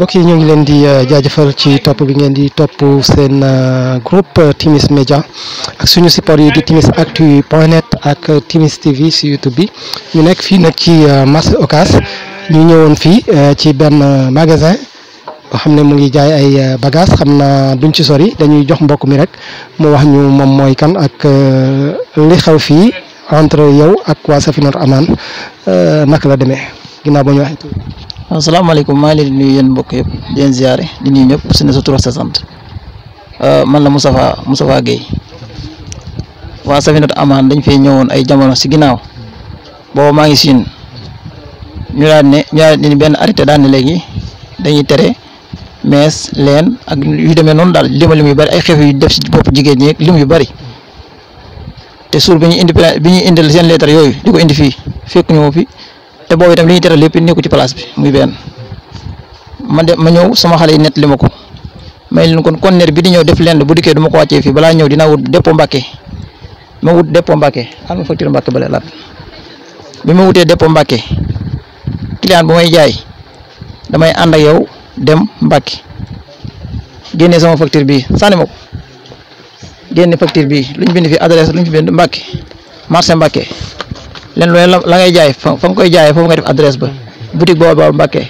mbokk yi ñoo ngi leen di euh, jaajëfal ci topp bi ngeen di topp seen euh, groupe euh, Timis Média ak suñu support yi di timisactu.net ak Timis TV si YouTube bi ñu nekk fii nag ci marché ocas ñu ñëwoon fii ci benn magasin boo xam ne mu ngi jaay ay bagages xam naa duñ ci sori dañuy jox mbokk mi rek mu wax ñu moom mooy kan ak li xew fii entre yow ak waa Safinatul Amaan naka la demee ginnaaw ba ñu waxee assalamualaikum maa ngi leen di nuyu yéen mbokk yeb di ñu ziaré di ñu ñëpp su ne sa tur sa euh, man la Moustapha Moustapha Guèye waa Safinatoul amane dañ fee ñëwoon ay jamono ci ginaaw bo ma ngi seen ñu daan ne ñu daan ni ben arrêté daan ne léegi dañuy téré mes leen ak yu démé non daal lima limuy bari ay xef yu def ci bop jigeen ñi ak limuy bari té suur biñu indi biñu indi indil seen lettre yoyu diko indi fi fekk ñu fi. te boobu itam li ñu teral lépp nekku ci place bi muy benn ma de ma ñëw sama xale yi nett li ma ko may leen kon conteneur bi di ñëw def lenn bu dikkee du ma ko wàccee fii balaa ñëw dinaa wut dépôt Mbàkke ma wut dépôt Mbàkke xam nga facture Mbàkke ma wutee dépôt Mbàkke client bu may jaay damay ànd ak yow dem Mbàkke génnee sama facture bi sànni ma ko génne facture bi luñ bind fi adresse luñ fi bind Mbàkke marché Mbàkke len la ngay jaay fa nga koy jaay foofu ngay def adresse ba boutique bobu boobu mbàkke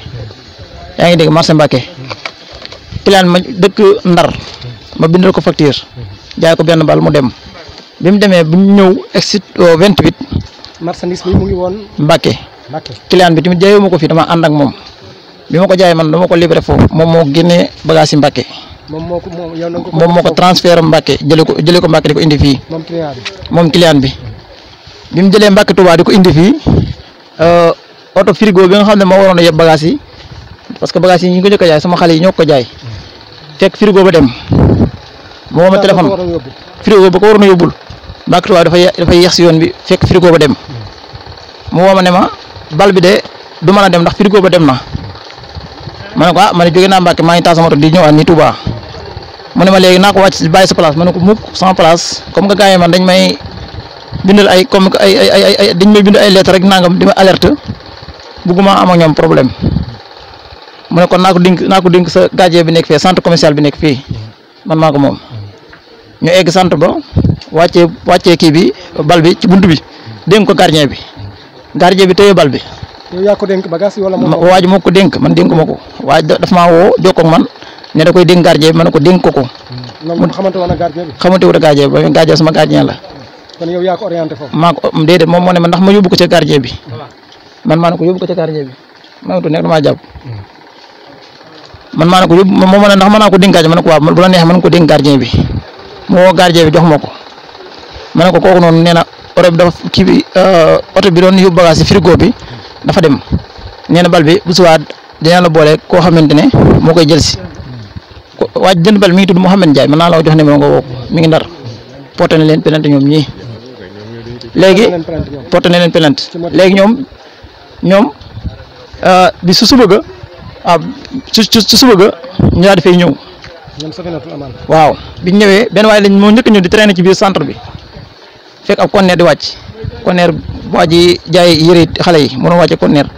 yaa ngi dégg marché mbàkke plan ma dëkk ndar ma bindal ko facture jaay ko benn bal mu dem bimu demé bu ñew exit 28 marchandise bi mu ngi woon mbàkke client bi timu jaayuma ko fi dama and ak mom bima ko jaay man dama ko libéré fo mom mo guéné bagage moko mom yow nang ko mom moko transfert mbàkke jëliko jëliko jële diko indi di ko client bi mom client bi bi mu jëlee Mbàkke Tuubaa di ko indi fii euh, oto frigo bi nga xam ne moo waroon a yeb bagage yi parce que bagage yi ñu ko njëkk a jaay sama xale yi ñoo ko jaay fekk frigo ba dem moo ma téléphone frigo ba ko waroon a yóbbul si yoon bi fekk frigo ba dem mu woo ma ne ma bal bi de du mën a dem ndax frigo ba dem na ma ne ah ma ne jóge naa Mbàkke maa ngi taal sama oto di ñëwaat nii Tuubaa mu ne ma léegi naa ko wàcc bàyyi sa place ma mukk sama place comme nga gaañee man dañ may bindal ay comme ay ay ay ay dañ may bind ay lettre rek nangam di ma alerte bugguma am ak ñoom problème mu ne kon naa ko dénk ko dénk sa gardien bi nekk fii sant commercial bi nekk fii man maa ko moom ñu egg sant ba wàcce wàccee kii bi bal bi ci bunt bi dénk ko gardien bi gardien bi téye bal bi. yow yaa ko dénk bagage wala moom waaj moo ko dénk man dénk ma ko waaj daf maa woo jokkoo man ne da koy dénk gardien bi ma ne ko dénk ko ko. Hmm. xamante woon na gardien bi ma woon na gardien bi ba gardien sama gardien la. kon yow yaa ko orienté foofu maa ko mm, déedéet moom moo ne ndax ma yóbbu ko ca gardien bi man maa ne ko yóbbu ko ca gardien bi maa ngi tudd nekk damaa jàpp man maa ne ko yóbbu moom ma ne ndax mën naa dénk gardien ma ne ko bu la neexee mën ko dénk gardien bi mu woo gardien bi jox ma ko ma ne ko kooku noonu nee na oto bi dafa kii bi euh, oto bi doon yóbbu bagage si frigo bi dafa dem nee bal bi bu suwaa dina la boole koo xamante ne koy jël si waaj jënd bal mi ngi tudd Mouhamed Ndiaye mën la jox ngi penante léegi porte na leen plainte nyom ñoom ñoom bi euh, su suba ga ah su su suba ga ñu di fay ñëw waaw biñ ñëwee ben waaye lañ mo njëkk ñëw di traîner ci biir centre bi fekk ab conteneur di wàcc conteneur waa ji jaay yëre xale yi mënoo wàcce conteneur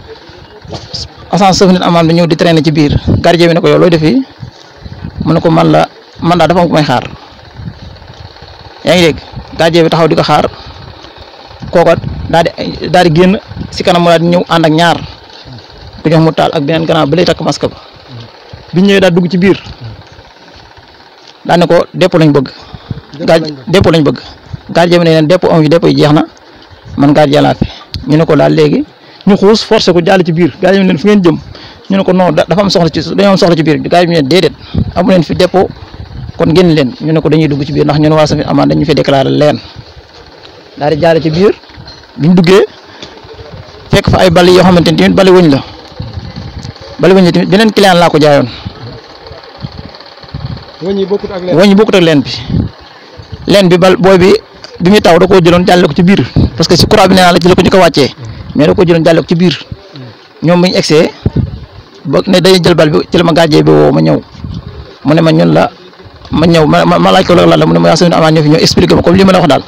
asan sëf nit amal bi ñëw di traîner ci biir gardien bi nako ko yow looy def mu ne ko man la man da dafa am ku may xaar yaa ngi gardien bi taxaw di kahar. xaar kokot daal di gen, di si kanam mu daal di ñëw ànd ak ñaar ku ñox mu taal ak beneen gannaaw ba lay takk masque ba biñ ñëwee daal dugg ci biir daal ne ko dépôt lañ bëgg. gaaj dépôt lañ bëgg gardien bi ne leen dépôt amu fi dépôt yi jeex man gardien depo, fi ñu ne ko daal léegi ñu xuus forcé ko jàll ci biir gardien bi ne leen fu ngeen jëm ñu ne ko no dafa am soxla ci dañoo am soxla ci biir gardien bi dedet amu leen fi dépôt kon génn leen ñu ne ko dañuy dugg ci biir ndax ñun waa Safi Amane dañu fi déclaré leen daal di ci biir biñ duggee fekk fa ay bal yoo xamante ni tamit bali wëñ la bali wëñ la tamit beneen client laa ko jaayoon. wëñ yi bokkut ak leen wëñ yi bokkut leen bi leen bi bal booy bi bi muy taw da koo jëloon jàlle ko ci biir parce que si courant bi nee naa la ci la ko ko wàccee mais da koo jëloon jàlle ci biir ñoom bu ñu egsee ne dañuy jël bal bi ci la ma gàjjee bi woo ma ñëw mu ne ma ñun la ma ñëw ma laaj ko loolu la mu ne ma yaa seen amaan ñëw fi ñëw expliqué ma comme li ma la wax daal.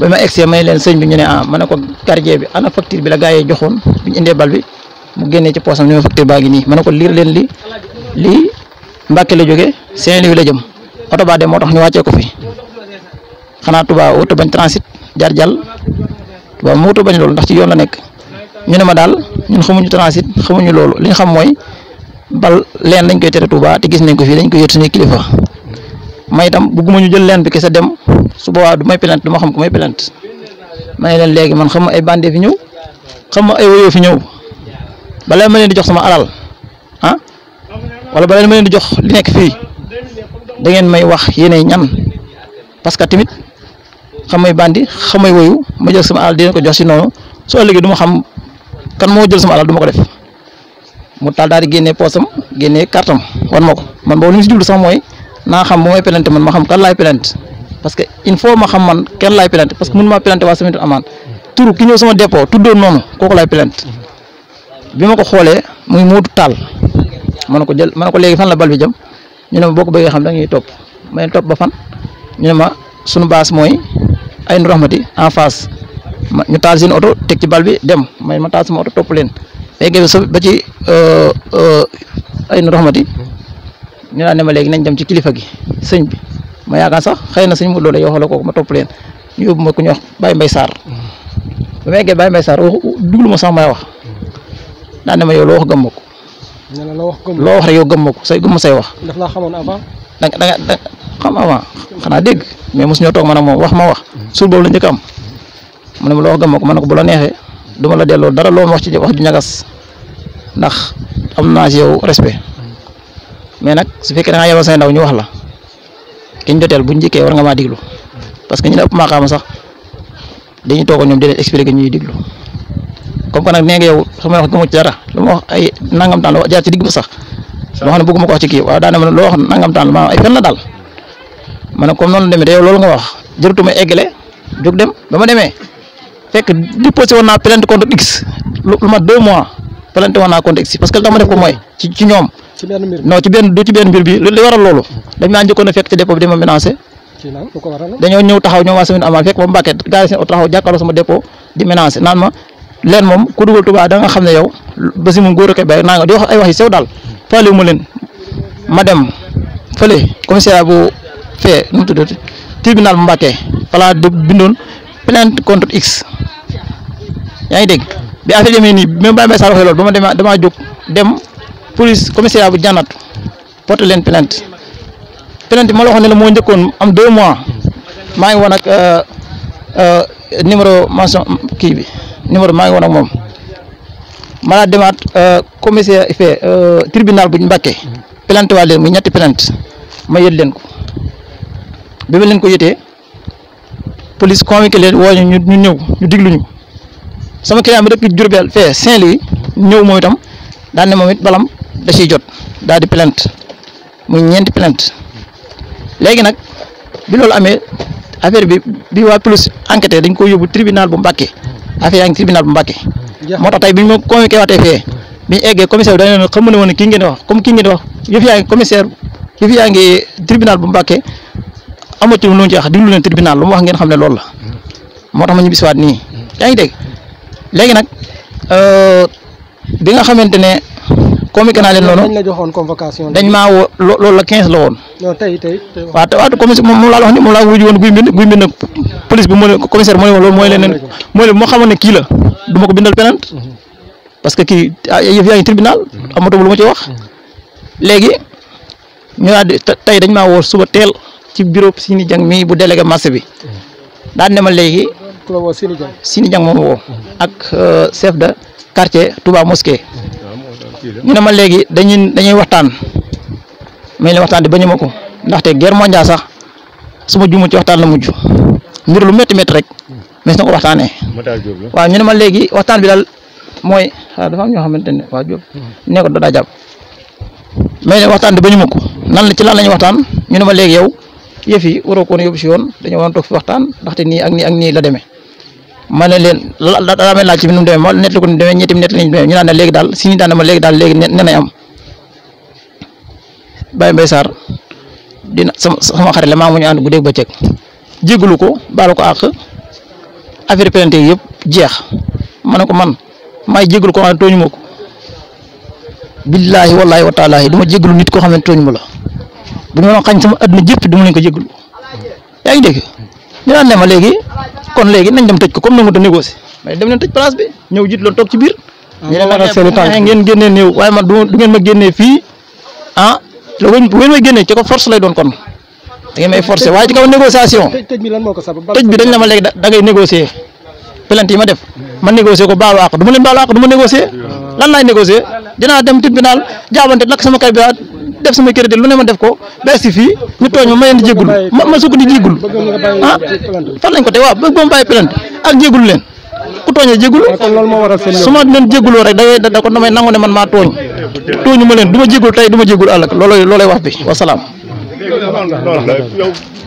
ba ma egsee may leen sëñ bi ñu ne ah man ne ko gardien bi ana facture bi la gars yi joxoon bi ñu indee bal bi mu génnee ci poosam ni ma facture baa ngi nii ma ne ko liir leen li li Mbàkke la jógee Saint-Louis la jëm oto baa de moo tax ñu wàccee ko fi xanaa tubaa wutu bañ transit jaar jàll waaw mu wutu bañ loolu ndax ci yoon la nekk ñu ne ma daal ñun xamuñu transit xamuñu loolu li xam mooy bal leen dañ koy tere Touba te gis nañ ko fii dañ koy yët suñuy kilifa. may itam bugguma ñu jël lène bi kessa dem su boobaa du may pelante duma xam ko may pelante ma ne légui man xam ay bandé fi ñew xam ay fi ñew balé ma leen di jox sama alal ah wala balé ma leen di jox li nek fi da ngeen may wax yene ñan parce que timit xam bandi xam woyu ma jël sama alal di ko jox ci noonu so ëllëgee duma xam kan mo jël sama alal duma ko def mu tal daal di génnee poosam génnee kartam wan ma man bo lu ci dund sama moy naa xam bu may pelante man ma xam kan laay pelante parce que il faut ma xam man kenn laay pelante parce que mun maa pelante waa Safinatoul Aman ki ñëw sama dépôt tuddoon noonu kooku laay pelante bi ma ko xoolee muy Modou Tall ma ne ko jël ma ko léegi fan la bal bi jëm ñu ne ma boo ko bëggee xam da ngay topp ma ne topp ba fan ñu ne ma sunu baas mooy ay nu raxmati en face ñu taal seen oto teg ci bal bi dem may ma taal sama oto topp leen léegi ba ci euh, euh, ay nu raxmati ñu naan ma léegi nañ dem ci kilifa gi sëñ bi ma yaakaar sax xëy na sëñ Modou Lo la yoo xam kooku ma topp leen ñu yóbbu ma ku ñuy wax Baye Mbaye Sarr ba ma yeggee Baye Mbaye Sarr duglu ma sax may wax daan ne ma yow wax gëm ma ko. wax gëm loo wax yow gëm say gëm say wax. daf laa xamoon avant. da nga da nga xam avant xanaa dégg mais mosu ñoo toog ma a moom wax ma wax suul boobu la njëkk am mu ne ma loo wax gëm ma a ko bu la neexee du la delloo dara loo ma wax ci wax ju ñagas ndax am naa ci yow respect. mais nak su fekk da nga yebal say ndaw ñu wax la kiñ ñu buñu bu war nga ma diglu parce que ñu ne ëpp maakaama sax dañu togo ñom di leen expliquer ñuy diglu comme que nag nee nga yow sama wax gëmu ci dara lu wax ay nangam tan wax jaar ci digg ba sax loo wax na bëgguma ko wax ci ki wa da na loo wax nangam tan ma ay fen la dal man ne comme noonu demé da yow loolu nga wax jërutuma eggale jóg dem bama démé demee fekk déposé woon naa plainte contre x lu ma deux mois plainte woon naa contre x parce que dama def ko moy ci ci ñoom ci benn mbir non ci ben du ci ben mbir bi li waral lolu dañ na njëkkoon a fekk ci dépôt bi dama menacer ci nan ko waral dañu ñëw taxaw ñoom wa semaine amal fekk ba mbàkkee gaay seen auto taxaw jakkalo sama dépôt di menacer nan ma len mom ku duggal tuba da nga xamne yow ba si moom ke bay na nga di wax ay wax yi sew dal faale mu len ma dem fële commissariat bu fee nu mu tribunal bu Mbàkke fala de bindon plainte contre x yaay deg bi affaire demee ni même Baye Mbaye sa waxee lol ba dem dama damaa dem police commissariat bu janatu porte leen plainte plainte bi ma la waxoon moo njëkkoon am deux mois maa ngi woon ak euh, euh, numéro mention kii bi numéro maa ngi woon ak moom ma demaat euh, commissaire fee tribunal bu Mbacké plainte waa leen muy ñetti plainte ma yët leen ko bi ma leen ko yëtee police convoqué leen woo ñu ñu ñëw ñu digluñu sama client bi dëkk Diourbel fee Saint-Louis ñëw moom itam daan moom it balam da ciy jot daal di plainte muy nag bi loolu amee affaire bi bi waa police enquêté dañ ko yóbbu tribunal bu Mbacké affaire yaa ngi tribunal bu Mbacké moo tax tey bi ñu ma convoqué waatee fee bi ñu eggee ne kii ngeen wax comme kii ngeen wax yëf yaa ngi commissaire yëf yaa bu Mbacké amatu lu ñu ci wax déglu leen lu mu wax ngeen xam ne loolu la moo tax ma ñu bisiwaat nii yaa ngi dégg léegi nag euh, bi nga xamante convoqué naa leen noonu. dañ joxoon convocation dañ maa woo loolu la 15 la woon. non tey moom laa la wax ni moom laa wuyu woon guy mbind guy police bi moo ne commissaire moo ne loolu mooy leneen mooy leen moo xamoon ne kii la du ko bindal penante mhm. parce que kii ah, yëf yaa ngi tribunal mhm. amatuma lu ma ci wax mhm. léegi ñu daal di tey dañ maa woo suba teel ci bureau Sini Dieng mii bu délégué marché bi daan ne ma léegi. Sini Dieng Sini Dieng moom woo ak euh, chef de quartier tubaa Mosquée. ñu ne ma léegi dañuy dañuy waxtaan mais li waxtaan di ba ma ko ndaxte guerre mondiale sax su ma juumul ci waxtaan la mujj ngir lu métti métti rek mais na ko waxtaanee. waaw ñu ne ma léegi waxtaan mooy ah, dafa ñoo xamante ne waa Diop hmm. nee ko da daa jàpp mais waxtaan di nan la ci lan la ñuy waxtaan ñu ne ma léegi yow yëf yi waroo ko woon yóbbu si yoon dañoo waroon toog fi waxtaan ndaxte nii ak nii ak nii la demee. ma ne leen la daa may laaj ci bi nu mu demee ma nettali ko ni demee ñetti nett lañ demee ñu naan ne léegi daal si ñu daan léegi daal léegi nee am Baye Mbaye Sarr dina sama sama xarit la maa mu ñu ànd guddeeg jégalu ko baalu ko àq affaire plainte yëpp jeex ma ne ko man maay jégalu ko xam ne tooñu ma ko billaahi wallaahi wa taalaahi du nit koo xam ne tooñu ma la bu ma doon xañ sama àdduna jëpp dama leen ko jégalu yaa ngi dégg ñu daan ne ma léegi kon léegi nañ dem tëj ko comme nangu te négocier mais dem ne ah, ah, ngeen génnee waaye man du ngeen ma génnee fii ah te bu ngeen ma génnee ci ko force lay doon kon da may forcer waaye ci kaw négociation. tëj bi ko sabab tëj bi dañ ne ma léegi da ngay yi ma def hmm. ma négocier ko baalu àq du ma leen baalu àq du ma négocier hmm. lan laay négocier dinaa dem tribunal jaabante lakk sama kay bi def sama crédit lu ne ma def ko ba si fii ñu tooñ ma ma leen di jégalu ma ma sukk di jégalu ah fan lañ ko teg waaw ba mu bàyyi plainte ak jégalu leen ku tooñee jégalu su ma leen jégaloo rek da da ko damay nangu ne man maa tooñ tooñu ma leen du ma jégalu tey du ma jégalu àll looloo looloo wax bi wasalaam.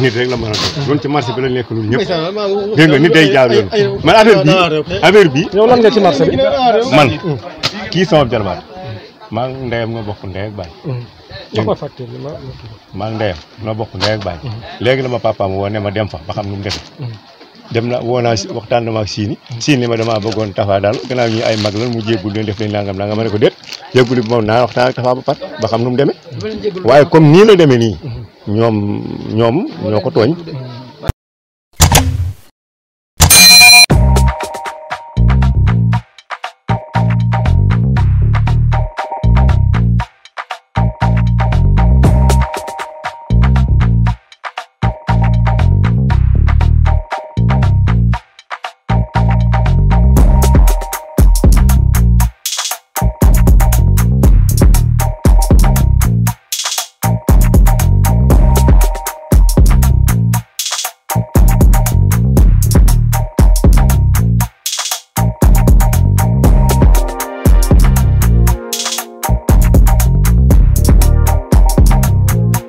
nit rek la mën a doon. ñun ci marché bi lañ nekk day jaar yoon. man affaire bi affaire bi. man kii sama jarbaat. maa ngi ndeyam nga bokk ndey ak baay. dégg mm. nga maa ngi ndeyam noo bokk ndey ak baay. léegi la ma papaam woo ne ma dem fa ba xam nu mu defee. dem na woo naa waxtaan na ma ak siini siini ma damaa bëggoon tafa daal gannaaw ñu ay mag lan mu jéggul de def leen nangam nangam ma ne ko déet jéggul bi naa waxtaan ak tafa ba xam nu mu demee waaye comme nii la demee nii ñoom ñoom ñoo ko tooñ